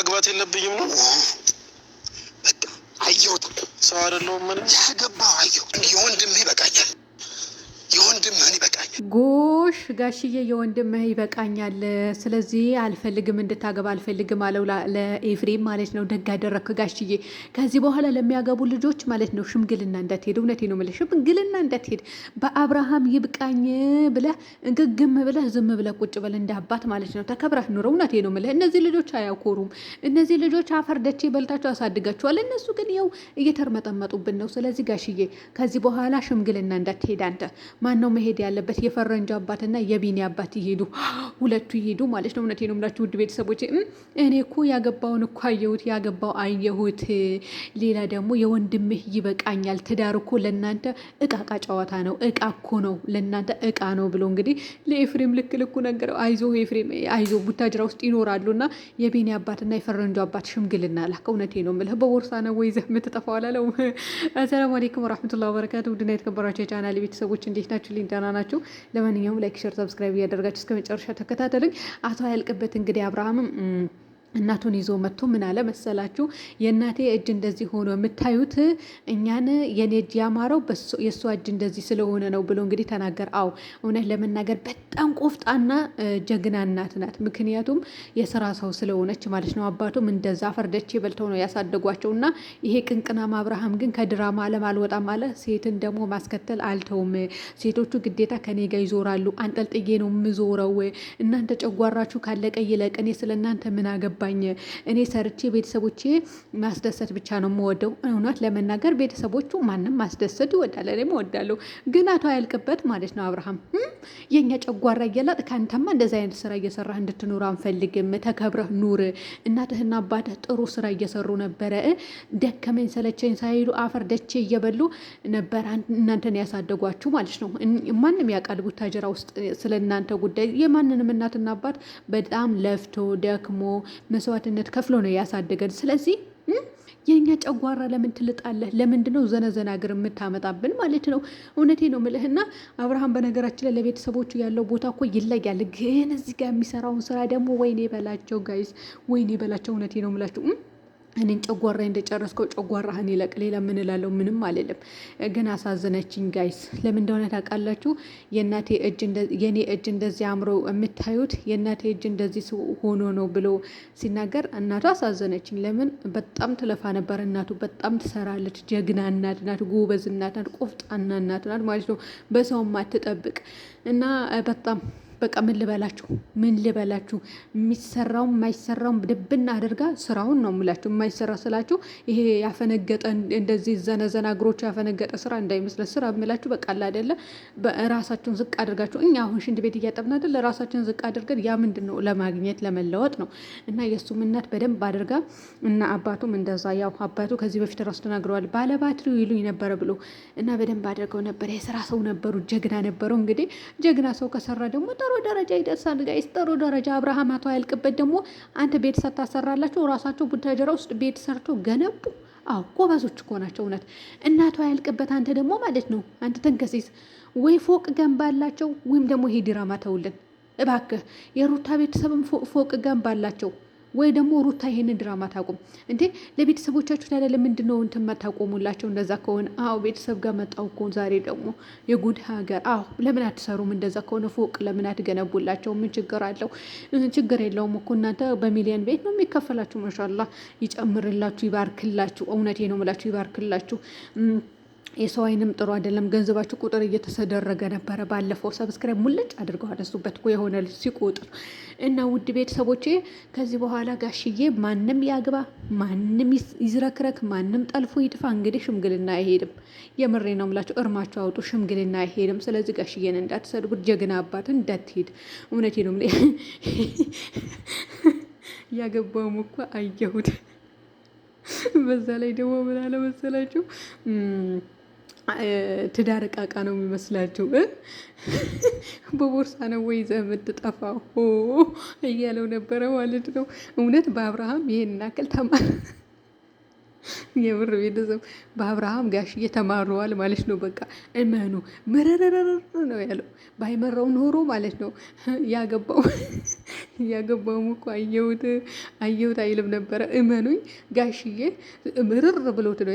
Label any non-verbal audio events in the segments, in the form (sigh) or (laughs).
አግባት የለብኝም ነው አየሁት። ሰው አይደለሁም። ምን ያገባው አየሁ። የወንድምህ ይበቃኛል። የወንድምህን ይበቃኛል። ጎሽ ጋሽዬ የወንድምህ ይበቃኛል፣ ስለዚህ አልፈልግም እንድታገባ አልፈልግም አለው ለኤፍሬም ማለት ነው። ደግ ያደረግክ ጋሽዬ፣ ከዚህ በኋላ ለሚያገቡ ልጆች ማለት ነው ሽምግልና እንዳትሄድ፣ እውነቴ ነው የምልህ ሽምግልና እንዳትሄድ፣ በአብርሃም ይብቃኝ ብለህ ግግም ብለህ ዝም ብለህ ቁጭ በል እንደ አባት ማለት ነው። ተከብረህ ኑረ፣ እውነቴ ነው የምልህ። እነዚህ ልጆች አያኮሩም። እነዚህ ልጆች አፈርደቼ በልታቸው አሳድጋቸዋል። እነሱ ግን ያው እየተርመጠመጡብን ነው። ስለዚህ ጋሽዬ ከዚህ በኋላ ሽምግልና እንዳትሄድ አንተ። ማን ነው መሄድ ያለበት? የፈረንጁ አባትና የቢኒ አባት ይሄዱ፣ ሁለቱ ይሄዱ ማለት ነው። እውነቴን ነው የምላችሁ ውድ ቤተሰቦች፣ እኔ እኮ ያገባውን እኮ አየሁት፣ ያገባው አየሁት። ሌላ ደግሞ የወንድምህ ይበቃኛል። ትዳር እኮ ለእናንተ እቃቃ ጨዋታ ነው፣ እቃ እኮ ነው፣ ለእናንተ እቃ ነው ብሎ እንግዲህ ለኤፍሬም ልክ ልኩ ነገረው። አይዞ ኤፍሬም አይዞ፣ ቡታጅራ ውስጥ ይኖራሉ ይኖራሉና የቢኒ አባትና የፈረንጁ አባት ሽምግልና ላክ። እውነቴን ነው የምልህ በቦርሳ ነው ወይ ይዘህ የምትጠፋው አላለው። (laughs) አሰላሙ አለይኩም ወራህመቱላሂ ወበረካቱ። ውድና የተከበራቸው የቻናል ቤተሰቦች እንዴት ናችሁ? ልኝ ደህና ናችሁ? ለማንኛውም ላይክ፣ ሸር፣ ሰብስክራይብ እያደረጋችሁ እስከ መጨረሻ ተከታተሉኝ። አቶ ያልቅበት እንግዲህ አብርሃምም እናቱን ይዞ መጥቶ ምን አለ መሰላችሁ? የእናቴ እጅ እንደዚህ ሆኖ የምታዩት እኛን የኔ እጅ ያማረው የእሷ እጅ እንደዚህ ስለሆነ ነው ብሎ እንግዲህ ተናገር። አው እውነት ለመናገር በጣም ቆፍጣና ጀግና እናት ናት። ምክንያቱም የስራ ሰው ስለሆነች ማለት ነው። አባቱም እንደዛ ፈርደቼ በልተው ነው ያሳደጓቸው እና ይሄ ቅንቅናም አብርሃም ግን ከድራማ አለም አልወጣም አለ። ሴትን ደግሞ ማስከተል አልተውም። ሴቶቹ ግዴታ ከኔ ጋ ይዞራሉ። አንጠልጥዬ ነው የምዞረው። እናንተ ጨጓራችሁ ካለቀ ይለቀኔ ስለ እናንተ ምን አገባ አልገባኝ። እኔ ሰርቼ ቤተሰቦቼ ማስደሰት ብቻ ነው የምወደው። እውነት ለመናገር ቤተሰቦቹ ማንም ማስደሰት ይወዳል፣ እኔም እወዳለሁ። ግን አቶ አያልቅበት ማለት ነው አብርሃም፣ የእኛ ጨጓራ እየላጥ ከአንተማ እንደዚ አይነት ስራ እየሰራህ እንድትኖር አንፈልግም። ተከብረህ ኑር። እናትህና አባትህ ጥሩ ስራ እየሰሩ ነበረ። ደከመኝ ሰለቸኝ ሳይሉ አፈር ደቼ እየበሉ ነበር እናንተን ያሳደጓችሁ ማለት ነው። ማንም ያውቃል ቡታጀራ ውስጥ ስለ እናንተ ጉዳይ የማንንም እናትና አባት በጣም ለፍቶ ደክሞ መስዋዕትነት ከፍሎ ነው ያሳደገን። ስለዚህ የእኛ ጨጓራ ለምን ትልጣለህ? ለምንድን ነው ዘነዘና እግር የምታመጣብን ማለት ነው? እውነቴ ነው ምልህና አብርሃም፣ በነገራችን ላይ ለቤተሰቦቹ ያለው ቦታ እኮ ይለያል። ግን እዚህ ጋር የሚሰራውን ስራ ደግሞ ወይኔ በላቸው ጋይስ፣ ወይኔ በላቸው። እውነቴ ነው ምላቸው እኔን ጨጓራ እንደጨረስከው ጨጓራህን ይለቅ። ሌላ ምን እላለሁ? ምንም አልልም። ግን አሳዘነችኝ ጋይስ። ለምን እንደሆነ ታውቃላችሁ? የእናቴ እጅ የእኔ እጅ እንደዚህ አምሮ የምታዩት የእናቴ እጅ እንደዚህ ሆኖ ነው ብሎ ሲናገር እናቱ አሳዘነችኝ። ለምን በጣም ትለፋ ነበር እናቱ። በጣም ትሰራለች። ጀግና እናት ናት። ጎበዝ እናት ናት። ቆፍጣና እናት ናት ማለት ነው። በሰውም አትጠብቅ እና በጣም በቃ ምን ልበላችሁ ምን ልበላችሁ የሚሰራውም የማይሰራውም ድብን አድርጋ ስራውን ነው የምላችሁ። የማይሰራ ስላችሁ ይሄ ያፈነገጠ እንደዚህ ዘነዘና እግሮቹ ያፈነገጠ ስራ እንዳይመስለ ስራ የምላችሁ በቃ አለ አይደለ ራሳችሁን ዝቅ አድርጋችሁ እኛ አሁን ሽንት ቤት እያጠብን አይደለ ራሳችሁን ዝቅ አድርገን ያ ምንድን ነው ለማግኘት ለመለወጥ ነው። እና የእሱም እናት በደንብ አድርጋ እና አባቱም እንደዛ ያው አባቱ ከዚህ በፊት ራሱ ተናግረዋል። ባለባትሪው ይሉኝ ነበረ ብሎ እና በደንብ አድርገው ነበር። የስራ ሰው ነበሩ፣ ጀግና ነበረው። እንግዲህ ጀግና ሰው ከሰራ ደግሞ ጥሩ ደረጃ ይደርሳል። ጋይስ ጥሩ ደረጃ አብርሃም አቶ ያልቅበት ደግሞ አንተ ቤት ሰርታ ሳታሰራላቸው ራሳቸው ቡታጀራ ውስጥ ቤት ሰርቶ ገነቡ። አዎ ጎበዞች እኮ ናቸው እውነት። እናቷ ያልቅበት አንተ ደግሞ ማለት ነው አንተ ተንከሴስ ወይ ፎቅ ገንባላቸው ወይም ደግሞ ይሄ ድራማ ተውልን እባክህ። የሩታ ቤተሰብም ፎቅ ገንባላቸው። ወይ ደግሞ ሩታ ይሄንን ድራማ ታቁም እንዴ! ለቤተሰቦቻችሁ ያለ ለምንድን ነው እንትን ማታቆሙላቸው? እንደዛ ከሆነ አዎ፣ ቤተሰብ ጋር መጣው እኮ ዛሬ ደግሞ የጉድ ሀገር። አዎ፣ ለምን አትሰሩም? እንደዛ ከሆነ ፎቅ ለምን አትገነቡላቸው? ምን ችግር አለው? ችግር የለውም እኮ እናንተ በሚሊዮን ቤት ነው የሚከፈላችሁ። ማሻላ ይጨምርላችሁ፣ ይባርክላችሁ። እውነቴ ነው የምላችሁ ይባርክላችሁ። የሰው አይንም ጥሩ አይደለም። ገንዘባችሁ ቁጥር እየተሰደረገ ነበረ። ባለፈው ሰብስክራይብ ሙለጭ አድርገው አነሱበት እኮ የሆነ ልጅ ሲቆጥር እና ውድ ቤተሰቦቼ ከዚህ በኋላ ጋሽዬ ማንም ያግባ፣ ማንም ይዝረክረክ፣ ማንም ጠልፎ ይጥፋ፣ እንግዲህ ሽምግልና አይሄድም። የምሬ ነው ምላቸው፣ እርማቸው አውጡ፣ ሽምግልና አይሄድም። ስለዚህ ጋሽዬን እንዳትሰድቡ፣ ጀግና አባት እንዳትሄድ። እውነቴ ነው (laughs) ያገባውም እኮ አየሁት። (laughs) በዛ ላይ ደግሞ ምን አለ መሰላችሁ ትዳር እቃቃ ነው የሚመስላችሁ? (laughs) በቦርሳ ነው ወይ ይዘህ የምትጠፋው እያለው ነበረ ማለት ነው። እውነት በአብርሃም ይሄን ያክል ተማር (laughs) የብር ቤተሰብ በአብርሃም ጋሽዬ ተማረዋል ማለት ነው። በቃ እመኑ ምርርርር ነው ያለው። ባይመራው ኖሮ ማለት ነው (laughs) ያገባው ያገባውም እኮ አየሁት አየሁት አይልም ነበረ። እመኑኝ ጋሽዬ ምርር ብሎት ነው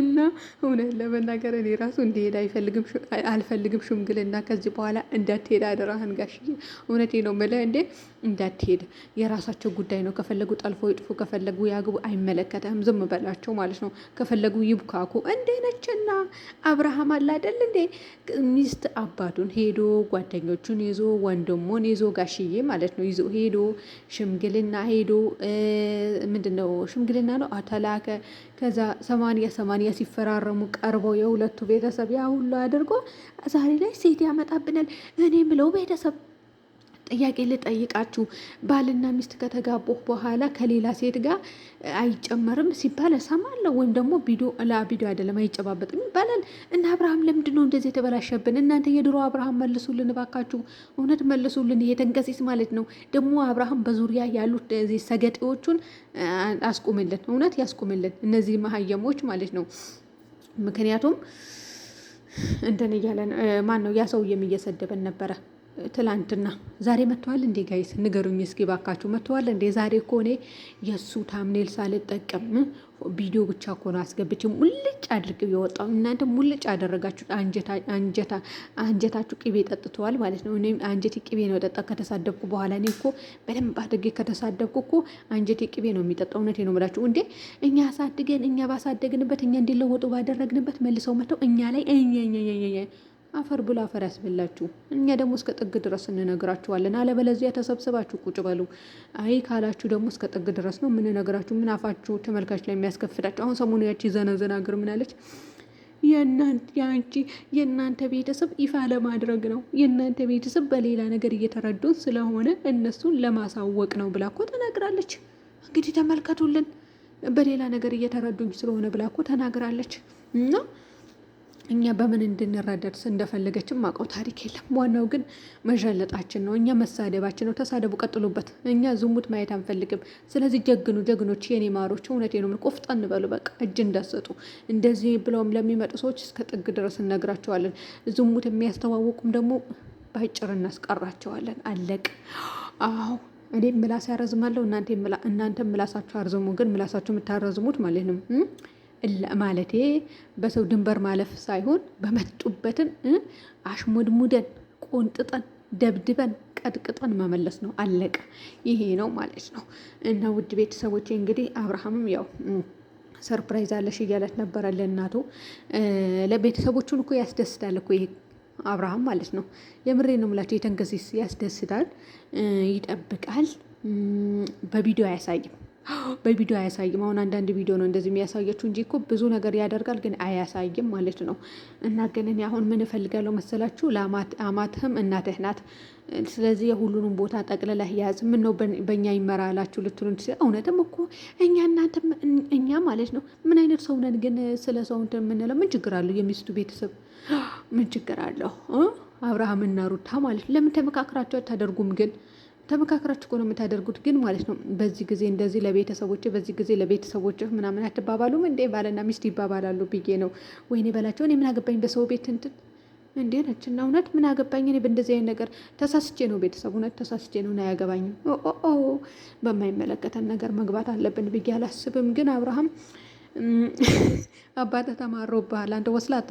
እና እውነት ለመናገር እኔ ራሱ እንዲሄድ አልፈልግም። ሽምግልና ከዚህ በኋላ እንዳትሄድ አደራህን ጋሽዬ፣ እውነቴ ነው የምልህ። እንዴ እንዳትሄድ፣ የራሳቸው ጉዳይ ነው። ከፈለጉ ጠልፎ ይጥፉ፣ ከፈለጉ ያግቡ፣ አይመለከተህም። ዝም በላቸው ማለት ነው። ከፈለጉ ይብካኩ። እንዴ ነችና አብርሃም አለ አይደል እንዴ ሚስት አባቱን ሄዶ ጓደኞቹን ይዞ ወንድሙን ይዞ ጋሽዬ ማለት ነው ይዞ ሄዶ ሽምግልና ሄዶ ምንድን ነው ሽምግልና ነው ተላከ። ከዛ ሰማንያ ሰማ መታመኒያ ሲፈራረሙ ቀርበው የሁለቱ ቤተሰብ ያ ሁሉ አድርጎ ዛሬ ላይ ሴት ያመጣብናል። እኔ ምለው ቤተሰብ ጥያቄ ልጠይቃችሁ፣ ባልና ሚስት ከተጋቡ በኋላ ከሌላ ሴት ጋር አይጨመርም ሲባል እሰማለሁ። ወይም ደግሞ ቢዶ ላቢዶ አይደለም አይጨባበጥም ይባላል። እና አብርሃም ለምንድን ነው እንደዚህ የተበላሸብን? እናንተ የድሮ አብርሃም መልሱልን እባካችሁ፣ እውነት መልሱልን። ይሄ ተንቀሲስ ማለት ነው። ደግሞ አብርሃም በዙሪያ ያሉት እዚህ ሰገጤዎቹን አስቁምልን፣ እውነት ያስቁምልን፣ እነዚህ መሀየሞች ማለት ነው። ምክንያቱም እንትን እያለን ማን ነው ያ ሰውዬም እየሰደበን ነበረ። ትላንትና ዛሬ መጥተዋል እንዴ? ጋይስ ንገሩኝ እስኪ ባካችሁ፣ መጥተዋል እንዴ? ዛሬ እኮ እኔ የእሱ ታምኔል ሳልጠቀም ቪዲዮ ብቻ እኮ ነው አስገብቼ ሙልጭ አድርገው የወጣው። እናንተ ሙልጭ አደረጋችሁ፣ አንጀታችሁ ቅቤ ጠጥተዋል ማለት ነው። እኔም አንጀቴ ቅቤ ነው ጠጣ ከተሳደብኩ በኋላ እኔ እኮ በደንብ አድርጌ ከተሳደብኩ እኮ አንጀቴ ቅቤ ነው የሚጠጣው። እውነቴ ነው የምላችሁ። እንዴ እኛ አሳድገን እኛ ባሳደግንበት እኛ እንዲለወጡ ባደረግንበት መልሰው መጥተው እኛ ላይ እኛ አፈር ብሎ አፈር ያስበላችሁ። እኛ ደግሞ እስከ ጥግ ድረስ እንነግራችኋለን። አለበለዚያ ተሰብስባችሁ ቁጭ በሉ። አይ ካላችሁ ደግሞ እስከ ጥግ ድረስ ነው የምንነግራችሁ። ምን አፋችሁ ተመልካች ላይ የሚያስከፍታችሁ። አሁን ሰሞኑ ያቺ ዘነዘና አገር ምናለች? ያንቺ የእናንተ ቤተሰብ ይፋ ለማድረግ ነው። የእናንተ ቤተሰብ በሌላ ነገር እየተረዱን ስለሆነ እነሱን ለማሳወቅ ነው ብላ እኮ ተናግራለች። እንግዲህ ተመልከቱልን። በሌላ ነገር እየተረዱኝ ስለሆነ ብላ እኮ ተናግራለች እና እኛ በምን እንድንረዳድ እንደፈለገችም አውቀው ታሪክ የለም። ዋናው ግን መዣለጣችን ነው፣ እኛ መሳደባችን ነው። ተሳደቡ፣ ቀጥሉበት። እኛ ዝሙት ማየት አንፈልግም። ስለዚህ ጀግኑ፣ ጀግኖች፣ የኔ ማሮች፣ እውነቴ ነው። ምን ቆፍጠን በሉ፣ በቃ እጅ እንዳሰጡ። እንደዚህ ብለውም ለሚመጡ ሰዎች እስከ ጥግ ድረስ እነግራቸዋለን። ዝሙት የሚያስተዋውቁም ደግሞ ባጭር እናስቀራቸዋለን። አለቅ። አዎ እኔ ምላስ ያረዝማለሁ፣ እናንተ ምላሳችሁ አርዝሙ። ግን ምላሳችሁ የምታረዝሙት ማለት ነው ማለቴ በሰው ድንበር ማለፍ ሳይሆን በመጡበትን አሽሙድሙደን ቆንጥጠን ደብድበን ቀጥቅጠን መመለስ ነው። አለቀ። ይሄ ነው ማለት ነው። እና ውድ ቤተሰቦቼ እንግዲህ አብርሃምም ያው ሰርፕራይዝ አለሽ እያለት ነበረ ለእናቱ ለቤተሰቦቹን እኮ ያስደስታል እኮ ይሄ አብርሃም ማለት ነው። የምሬ ነው ምላቸው። የተንከሲስ ያስደስታል፣ ይጠብቃል፣ በቪዲዮ አያሳይም። በቪዲዮ አያሳይም። አሁን አንዳንድ ቪዲዮ ነው እንደዚህ የሚያሳያችሁ እንጂ እኮ ብዙ ነገር ያደርጋል፣ ግን አያሳይም ማለት ነው። እና ግን እኔ አሁን ምን እፈልጋለሁ መሰላችሁ? አማትህም እናትህ ናት። ስለዚህ የሁሉንም ቦታ ጠቅልለህ ያዝ። ምን ነው በእኛ ይመራላችሁ ልትሉን እውነትም እኮ እኛ እናንተ እኛ ማለት ነው ምን አይነት ሰው ነን ግን ስለ ሰው እንትን የምንለው ምን ችግር አለው? የሚስቱ ቤተሰብ ምን ችግር አለው? እና ሩታ ማለት ለምን ተመካክራቸው አታደርጉም ግን ተመካክራችሁ እኮ ነው የምታደርጉት። ግን ማለት ነው በዚህ ጊዜ እንደዚህ ለቤተሰቦች በዚህ ጊዜ ለቤተሰቦች ምናምን አትባባሉም እንዴ? ባለና ሚስት ይባባላሉ ብዬ ነው። ወይኔ በላቸው። እኔ ምን አገባኝ በሰው ቤት እንትን እንዴ ነች እና እውነት ምን አገባኝ እኔ በእንደዚህ አይነት ነገር ተሳስቼ ነው ቤተሰብ እውነት ተሳስቼ ነው እና አያገባኝም። ኦ በማይመለከተን ነገር መግባት አለብን ብዬ አላስብም። ግን አብርሃም አባታ ተማሮብሃል አንተ ወስላታ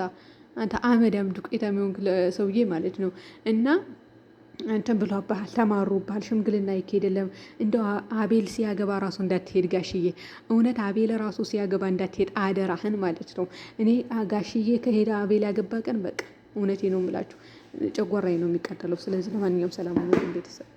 አንተ አመዳም ዱቄታ የሚሆን ሰውዬ ማለት ነው እና እንትን ብሏባሃል፣ ተማሩባሃል። ሽምግልና ይካሄደለም እንደው አቤል ሲያገባ ራሱ እንዳትሄድ ጋሽዬ፣ እውነት አቤል ራሱ ሲያገባ እንዳትሄድ አደራህን ማለት ነው። እኔ ጋሽዬ ከሄደ አቤል ያገባ ቀን በቃ እውነቴ ነው የምላችሁ ጨጓራዬ ነው የሚቀጠለው ስለዚህ ለማንኛውም ሰላም ቤተሰብ